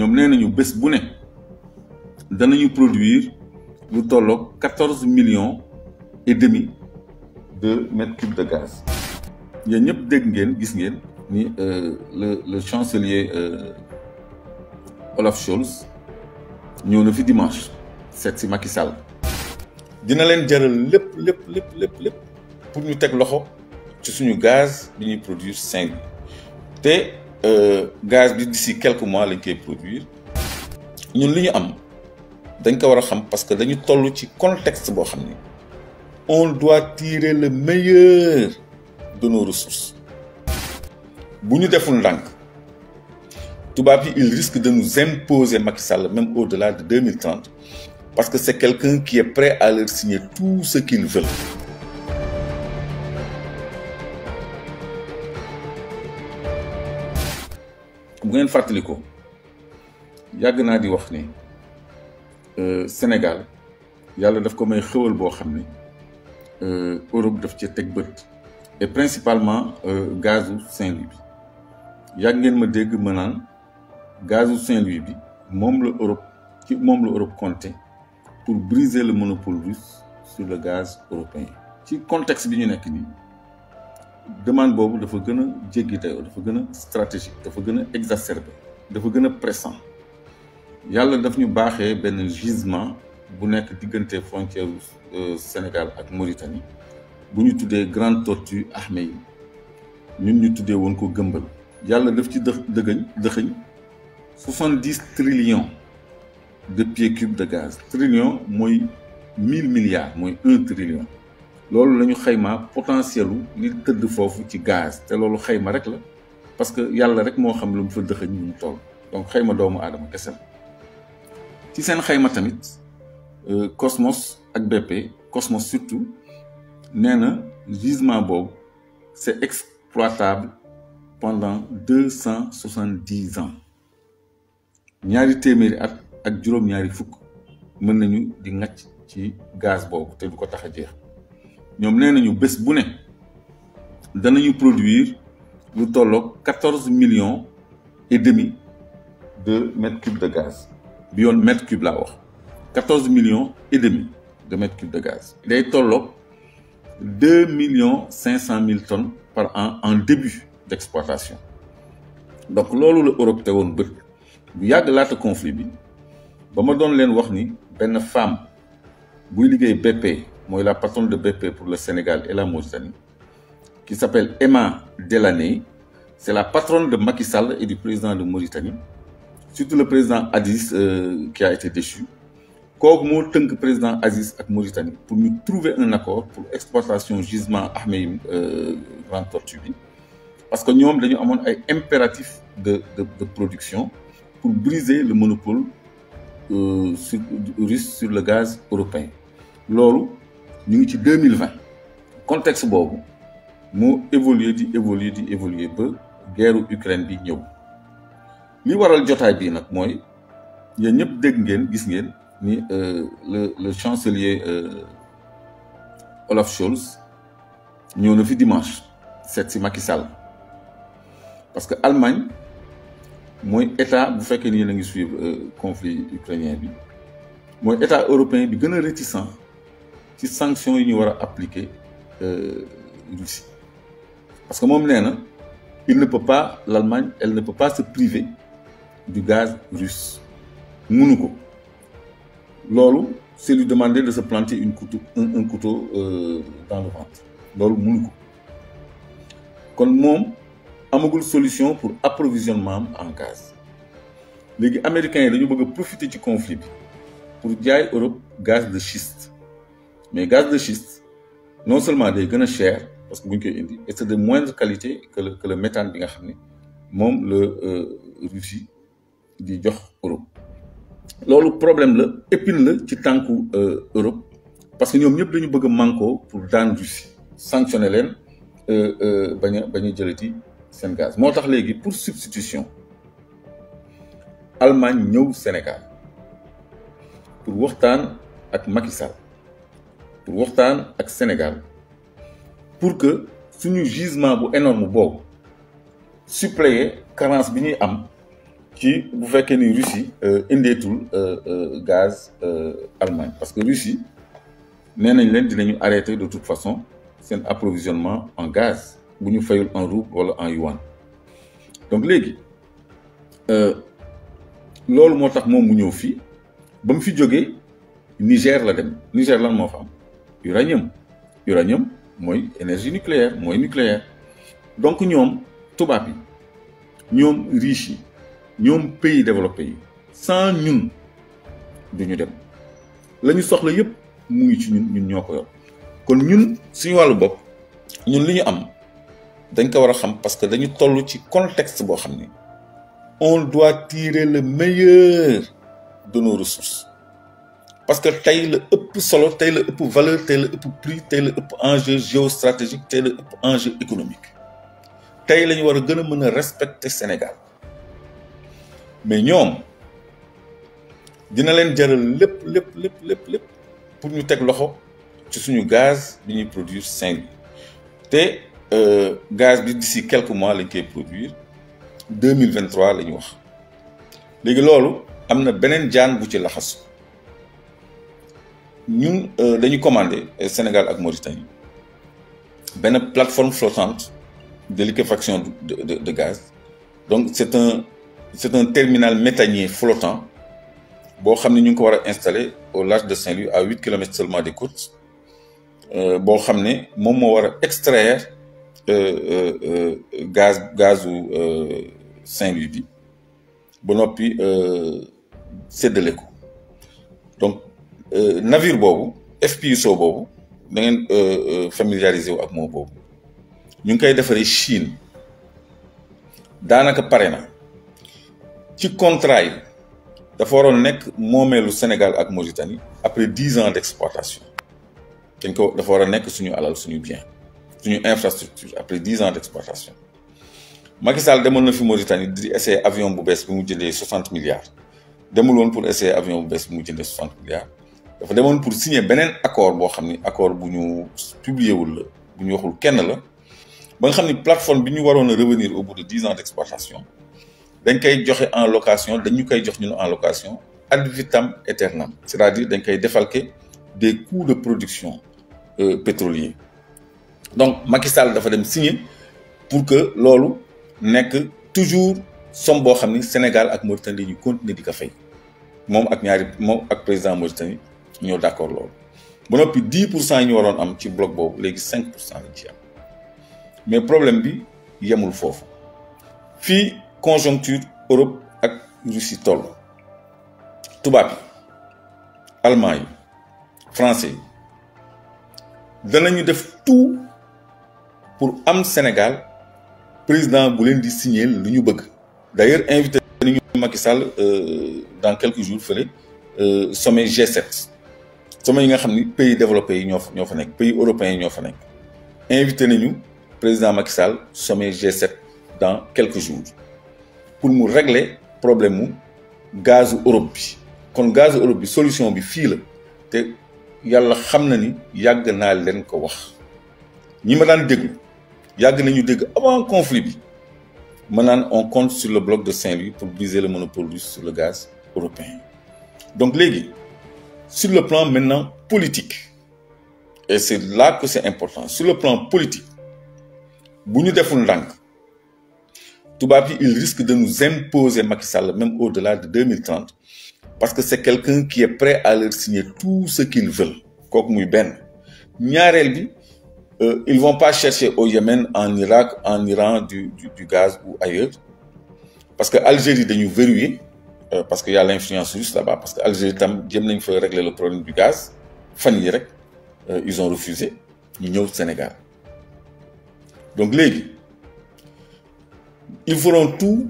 ñoom nee ñu bés bu ne danañu produire lu tolloog quatorze millions et demi de mètres cubes de gaz. yéen ñëpp dégg ngeen gis ngeen ni euh, le le chancelier euh, Olaf Scholz ñëw na fi dimanche seet si Macky dina leen jaral lépp lépp lépp lép lépp pour ñu teg loxo ci suñu gaz bi ñuy produire saint te. Euh, gaz bi si quelque mois lañ koy produire ñun li ñu am dañ ko war a xam parce que dañu tollu ci contexte boo xam ni on doit tirer le meilleur de nos ressources bu ñu deful ndank tubaab yi il risque de nous imposer Macky Sall même au-delà de 2030 parce que c'est quelqu'un qui est prêt à leur signer tout ce qu'ils veulent bu ngeen fàttaliku yàgg naa di wax ni euh, Sénégal yàlla daf ko may xéwal boo xam ni euh, Europe daf ci teg bët et principalement euh, gazu Saint-Louis bi yàgg ngeen ma dégg ma naan gazu Saint-Louis bi moom la Europe ci moom la Europe compté pour briser la monopole russe sur le gaz européen ci contexte bi ñu nekk nii demande boobu dafa gën a jéggi dafa gën a stratégique dafa gën a exacerbé dafa gën a pressant yàlla daf ñu baaxee benn gisement bu nekk diggante frontière euh, Sénégal ak Mauritanie bu ñu tuddee Grande Tortue Ahmeyim ñun ñu tuddee woon ko gëmbal yàlla daf ci dë dëgëñ dëxëñ soixante-dix trillions de pieds cubes de gaz trillion mooy mille milliards mooy un trillion loolu la ñu xaymaa potentiel li tëdd foofu ci gaz te loolu xayma rek la parce que yàlla rek moo xam lu mu fa dëxëñ ñu mu toll donc xayma doomu aadama kese la ci seen xayma tamit euh, Cosmos ak BP Cosmos surtout nee na gisement boobu c'est exploitable pendant deux cent soixante dix ans ñaari téeméeri at ak juróom-ñaari fukk mën nañu di ngacc ci gaz boobu te du ko tax a jeex. ñoom nee nañu bés bu ne danañu produire lu tolloog quatorze millions et demi de mètres cubes de gaz bi yoon mètre cube laa wax quatorze millions et demi de mètres cubes de gaz day tolloog deux millions cinq cent mille tonnes par an en début d'exploitation donc loolu la Europe te woon bët bu yàgg laata conflit bi ba ma doon leen wax ni benn femme buy liggéey BP mooy la patronne de BP pour le Sénégal et la Mauritanie qui s'appelle Emma Delaney c'est la patronne de Macky Sall et du président de Mauritanie surtout le président Aziz euh, qui a été déchu kooku moo tënk président Aziz ak Mauritanie pour ñu trouver un accord pour exploitation gisement Ahmeyim euh, Grande Tortue bi parce que ñoom dañu amoon ay impératifs de, de production pour briser le monopole euh, sur russe sur le gaz européen loolu ñu ngi ci deux mille vingt contexte boobu moo évoluer di évolué di évoluer ba guerru Ukraine bi ñëw li waral jotaay bii nag mooy yéen ñëpp dégg ngeen gis ngeen ni euh, le le chancelier euh, Olaf Scholz ñëw na fi dimanche seet si Macky parce que Allemagne mooy état bu fekkee ni yéen a ngi suivre euh, conflit ukrainien bi mooy état européen bi gën a réticent ci sanction yi ñu war a appliquer Russie euh, parce que moom nee na il ne pa pas l'Allemagne elle ne peut pas se priver du gaz russe mënu ko loolu c'est lui demander de se planter une couteau un, couteau euh, dans le ventre loolu mënu ko kon moom amagul solution pour approvisionnement am en gaz léegi américains yi dañu bëgg a profiter ci conflit pour jaay Europe gaz de schiste mais gaz de schiste non seulement day gën a cher parce que bu ñu koy indi et c'est de moindre qualité que le que bi nga xam ne moom la euh, Russie di jox Europe. loolu problème la épine la ci tànku euh, Europe parce que ñoom ñëpp dañu bëgg a pour daan Russie sanctionné leen euh, bañ a bañ a jëlati seen gaz moo tax léegi pour substitution Allemagne ñëw Sénégal pour waxtaan ak Macky pour waxtaan ak Sénégal pour que suñu gisement bu énorme boobu suppléer carence bi ñuy am ci bu fekkee ni Russie euh, indeetul euh, euh, gaz Allemagne parce que Russie nee nañ leen dinañu arrêter de toute façon seen approvisionnement en gaz bu ñu fayul en rouble wala en yuan donc léegi loolu moo tax moom mu ñëw fii ba mu fi jógee Niger la dem Niger lan moo fa am uranium uranium mooy énergie nucléaire mooy nucléaire donc ñoom tubaab yi ñoom riche yi ñoom pays développé yi sans ñun duñu dem la ñu soxla yëpp mu ngi ci ñun ñun ñoo ko yor kon ñun suñu wàllu bopp ñun li ñu am dañ ko war a xam parce que dañu toll ci contexte boo xam ni on doit tirer le meilleur de nos parce que tey la ëpp solo tey la ëpp valeur tey la ëpp prix tey la ëpp enjeu géostratégique tey la ëpp enjeu économique tey la ñu war a gën a mën a respecter Sénégal mais ñoom dina leen jaral lépp lépp lépp lépp lépp pour ñu teg loxo ci suñu gaz bi ñuy produire Saint-Louis te euh, gaz bi d'ici quelque mois lañ koy produire deux mille vingt trois la ñu wax léegi loolu am na beneen jaan bu ci laxasu ñun euh, dañu commandé Sénégal ak Mauritanie benn plateforme flottante de liquéfaction de, de, gaz donc c'est un c'est un terminal méthanier flottant boo xam ne ñu ngi ko war a installé au large de Saint-Louis à huit kilomètres seulement des côtes euh, boo xam ne moom moo war a extraire euh, euh gaz gazu euh, Saint-Louis bi ba noppi séddale ko Euh, navire boobu FPSO boobu da ngeen euh, euh, familiariser wu ak moo boobu ñu ngi koy defaree Chine daanaka pare na ci contrat yi dafa waroon nekk moomeelu Sénégal ak Mauritanie après dix ans d'exploitation dañ ko dafa war a nekk suñu alal suñu bien suñu infrastructure après dix ans d'exploitation Macky Sall demoon na fi Mauritanie di essayer avion bu bees bi mu jëndee soixante milliards demul woon pour essayer avion bu bees bi mu jëndee soixante milliards dafa demoon pour signer beneen accord boo xam ni accord bu ñu publié wul la bu ñu waxul kenn la ba nga xam ni plateforme bi ñu waroon revenir au bout de dix ans d' dañ koy joxe en location dañu koy jox ñun en location ad vitam aeternam c' est à dire dañ koy défalquer des coûts de production euh, pétrolier donc Macky Sall dafa dem signer pour que loolu nekk toujours somme boo xam ni Sénégal ak Mauritanie ñu continuer di ko fay moom ak ñaari moom ak président Mauritanie ñoo d' accord loolu ba noppi 10 pour yi ñu waroon am ci bloc boobu léegi 5 cent lañ ci am mais problème bi yemul foofu fii conjoncture Europe ak Russie toll tubaab yi allemand yi français dana ñu def tout pour am Sénégal président bu leen di signer lu ñu bëgg d' ailleurs invité nañu Macky Sall euh, dans quelques jours fële euh, sommet G7 sama yi nga xam ni pays développé yi ñoo fa ñoo fa nekk pays européens yi ñoo fa nekk invité nañu président Macky Sall sommet G7 dans quelques jours pour mu régler problème mu gazu Europe bi kon gazu Europe bi solution bi fii la te yàlla xam na ni yàgg naa leen ko wax ñi ma daan déglu yàgg nañu dégg avant conflit bi ma naan on compte sur le bloc de Saint-Louis pour briser le monopole russe sur le gaz européen donc léegi sur le plan maintenant politique et c'est là que c'est important sur le plan politique bu ñu deful ndànk tubaab yi il risque de nous imposer Macky Sall même au-delà de deux mille trente parce que c'est quelqu'un qui est prêt à leur signer tout ce qu'ils veulent kooku muy benn ñaareel bi euh, ils vont pas chercher au Yémen en Irak en Iran du du, du gaz ou ailleurs parce que Algérie dañu verrouillé Euh, parce que yàlla a l'influence russe là-bas parce que Algérie tam jëm nañ fa régler le problème du gaz fan yi rek euh, ils ont refusé ñu ñëw Sénégal donc léegi ils feront tout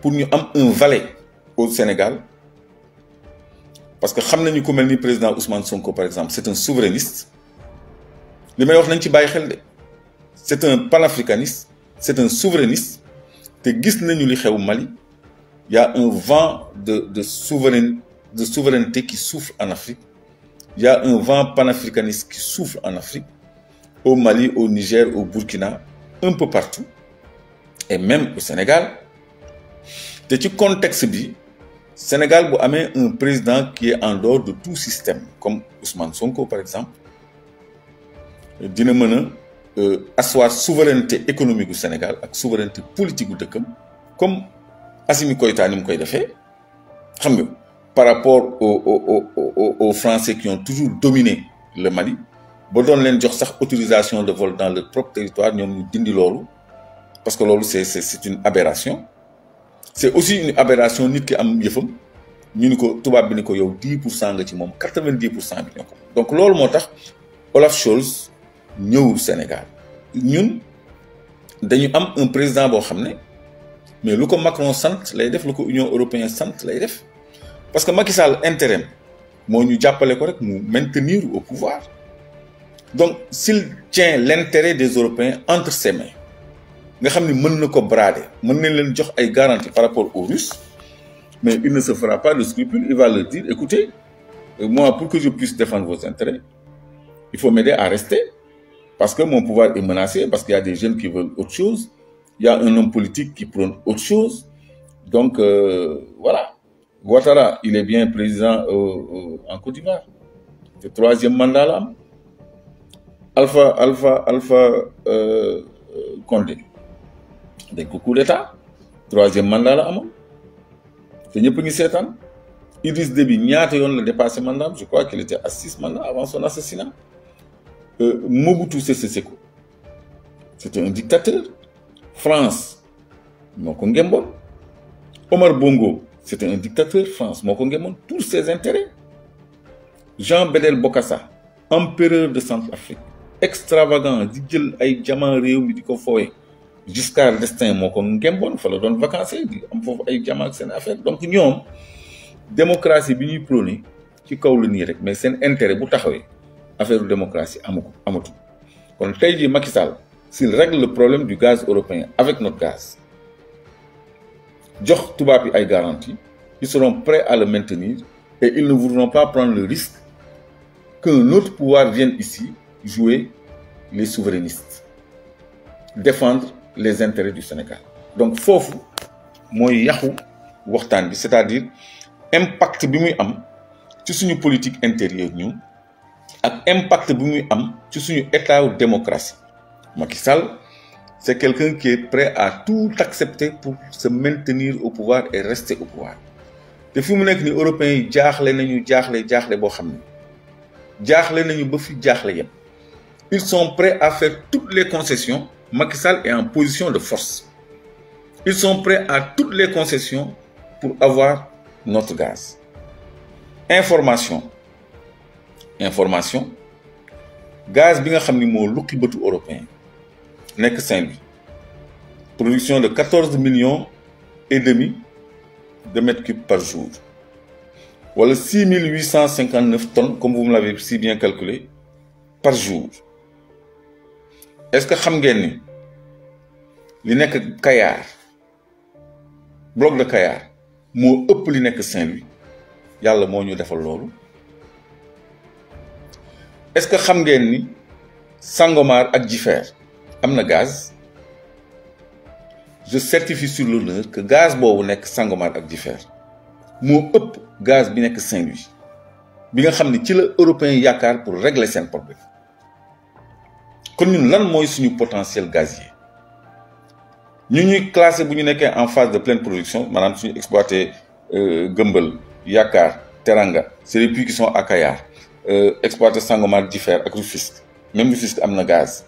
pour ñu am un valet au Sénégal parce que xam nañu ku mel ni président Ousmane Sonko par exemple c'est un souverainiste li may wax nañ ci bàyyi xel de c'est un panafricaniste c'est un souverainiste te gis nañu li xew Mali il un vent de, de, souveraineté, de souveraineté qui souffle en Afrique. Il un vent panafricaniste qui souffle en Afrique, au Mali, au Niger, au Burkina, un peu partout, et même au Sénégal. te ci contexte bi Sénégal bu amee un président qui est en dehors de tout système comme Ousmane Sonko par exemple dina mën a euh, asseoir souveraineté économique gu Sénégal ak souveraineté politique gu dëkkam comme Assimi Koïta ni mu koy defee xam nga par rapport au au au aux Français toujours dominé le Mali ba doon leen jox sax autorisation de vol dans leur propre territoire ñoom ñu dindi loolu parce que loolu c'est c'est c'est une aberration c'est aussi une aberration nit ki am yëfam ñu ni ko tubaab bi ni ko yow 10 pour cent nga ci moom 90 pour cent bi ko donc loolu moo tax Olaf Scholz ñëwul Sénégal ñun dañu am un président boo xam ne. mais lu ko Macron sant lay def lu ko Union européenne sant lay def parce que Macky Sall intérim moo ñu jàppale ko rek mu maintenir au pouvoir donc s'il tient l'intérêt des Européens entre ses mains nga xam ni mën na ko brader mën nañ leen jox ay garanti par rapport au Russes mais il ne se fera pas de scrupule il va leur dire écoutez euh, moi pour que je puisse défendre vos intérêts il faut m'aider à rester parce que mon pouvoir est menacé parce qu'il y a des jeunes chose Il y a un homme politique qui prône autre chose. Donc, euh, voilà. Ouattara, il est bien président euh, en Côte d'Ivoire. C'est le troisième mandat là. Alpha, Alpha, Alpha euh, Condé. Des coucou d'État. Troisième mandat là, te ñëpp ngi seetaan Idriss Déby ñaata yoon la dépassé mandat je crois qu'il était à six mandats avant son assassinat euh, Mobutu Sese Seko c'était un dictateur France moo ko ngemboon Omar Bongo c'était un dictateur France moo ko ngemboon tous ses intérêts Jean Bédel Bokassa empereur de Centrafrique extravagant di jël ay diamant réew mi di ko fooye Giscard d'Estaing moo ko ngemboon fa la doon vacances di am foofu ay diamant ak seen affaire donc ñoom démocratie bi ñuy prôné ci kaw la nii rek mais seen intérêt bu taxawee affaire démocratie amuko ko amatu kon tey jii Macky s'il règle le problème du gaz européen avec notre gaz jox tubaab yi ay garanties ils seront prêts à le maintenir et ils ne voudront pas prendre le risque qu'un autre pouvoir vienne ici jouer les souverainistes défendre les intérêts du Sénégal donc foofu mooy yàqu waxtaan bi c'est-à-dire impact bi muy am ci suñu politique intérieure ñun ak impact bi muy am ci suñu état démocratie Macky Sall, c'est quelqu'un qui est prêt à tout accepter pour se maintenir au pouvoir et rester au pouvoir te fi mu nekk ni européens yi jaaxle nañu jaaxle jaaxle boo xam ne jaaxle nañu ba fi jaaxle yépp ils sont prêts à faire toutes les concessions Macky Sall est en position de force ils sont prêts à toutes les concessions pour avoir notre gaz information information gaz bi nga xam ni moo lukki bëtu européen nekk Saint-Louis production de quatorze millions et demi de mètres cubes par jour wala six mille huit cent cinquante neuf tonnes comme vous me l'avez si bien calculé par jour est-ce que xam ngeen ni li nekk Kayar bloc de Kayar moo ëpp li nekk Saint-Louis yàlla moo ñu defal loolu est-ce que xam ngeen ni Sangomar ak Jifeer am na gaz je certifie sur l'honneur que gaz boobu nekk Sangomar ak Jifeer moo ëpp gaz bi nekk saint bi nga xam ne ci la européen yaakaar pour régler seen problème kon ñun lan mooy suñu potentiel yi ñu ñuy classé bu ñu nekkee en phase de pleine production maanaam suñu exploité euh, Gëmbël Yaakaar Teranga c'est les puits qui sont à Kayar euh, exploité Sangomar Jifeer ak Rufisque même Rufisque am na gaz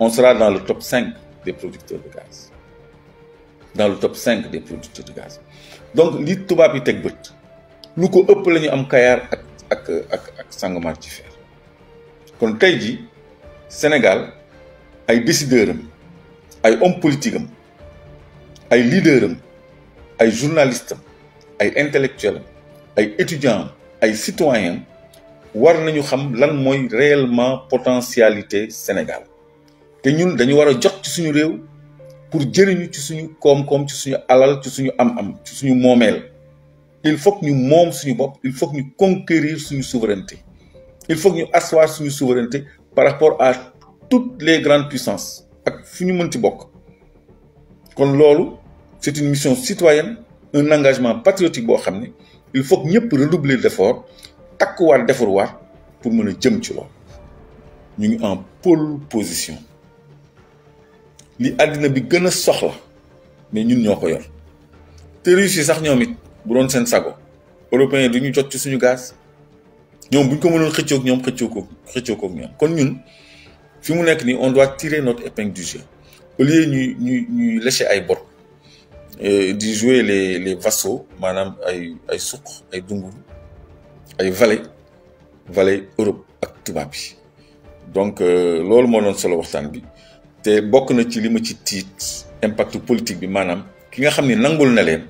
on sera dans le top 5 des producteurs de gaz dans le top 5 des producteurs de gaz donc li tubaab yi teg bët lu ko ëpp lañu am Kayar ak ak ak ak Sangomar ci fer kon tey ji Sénégal ay décideurs ay hommes politiques ay leaders ay journalistes ay intellectuels am ay étudiants ay citoyens war nañu xam lan mooy réellement potentialité Sénégal te ñun dañu war a jox ci suñu réew pour jëriñu ci suñu koom-koom ci suñu alal ci suñu am-am ci suñu moomeel il faut ñu moom suñu bopp il faut ñu conquérir suñu souveraineté il faut ñu asseoir suñu souveraineté par rapport à toutes les grandes puissances ak fu ñu mën ci bokk kon loolu c'est une mission citoyenne un engagement patriotique boo xam ne il faut que ñëpp redoubler d'effort takkuwaat defarwaat pour mën a jëm ci loolu ñu ngi en pole position li àddina bi gën a soxla mais ñun ñoo ko yor te yi sax ñoom it bu doon seen sago européens yi du ñu jot ci suñu gaz ñoom bu ñu ko mënoon xëccoog ñoom xëccoo ko xëccoo ñoom kon ñun fi mu nekk nii on doit tire notre épingle du jeu ñuy ñuy ñuy lécher ay bor euh, di jouer les les vassaux maanaam ay ay suq ay dungu ay valet valet Europe ak tubaab bi donc euh, loolu moo doon solo waxtaan bi. te bokk na ci li ma ci tiit impact politique bi maanaam ki nga xam ni nangul na leen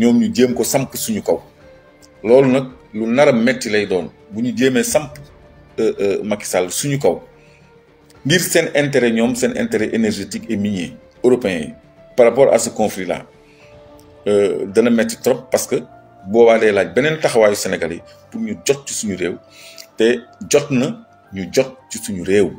ñoom ñu jéem ko samp suñu kaw loolu nag lu nara metti lay doon bu ñu jéemee samp euh, euh, Macky suñu kaw ngir seen intérêt ñoom seen intérêt énergétique et minier européen yi par rapport à ce conflit là euh, dana metti trop parce que boobaa day laaj beneen taxawaayu Sénégal yi pour ñu jot ci suñu réew te jot na ñu jot ci suñu réew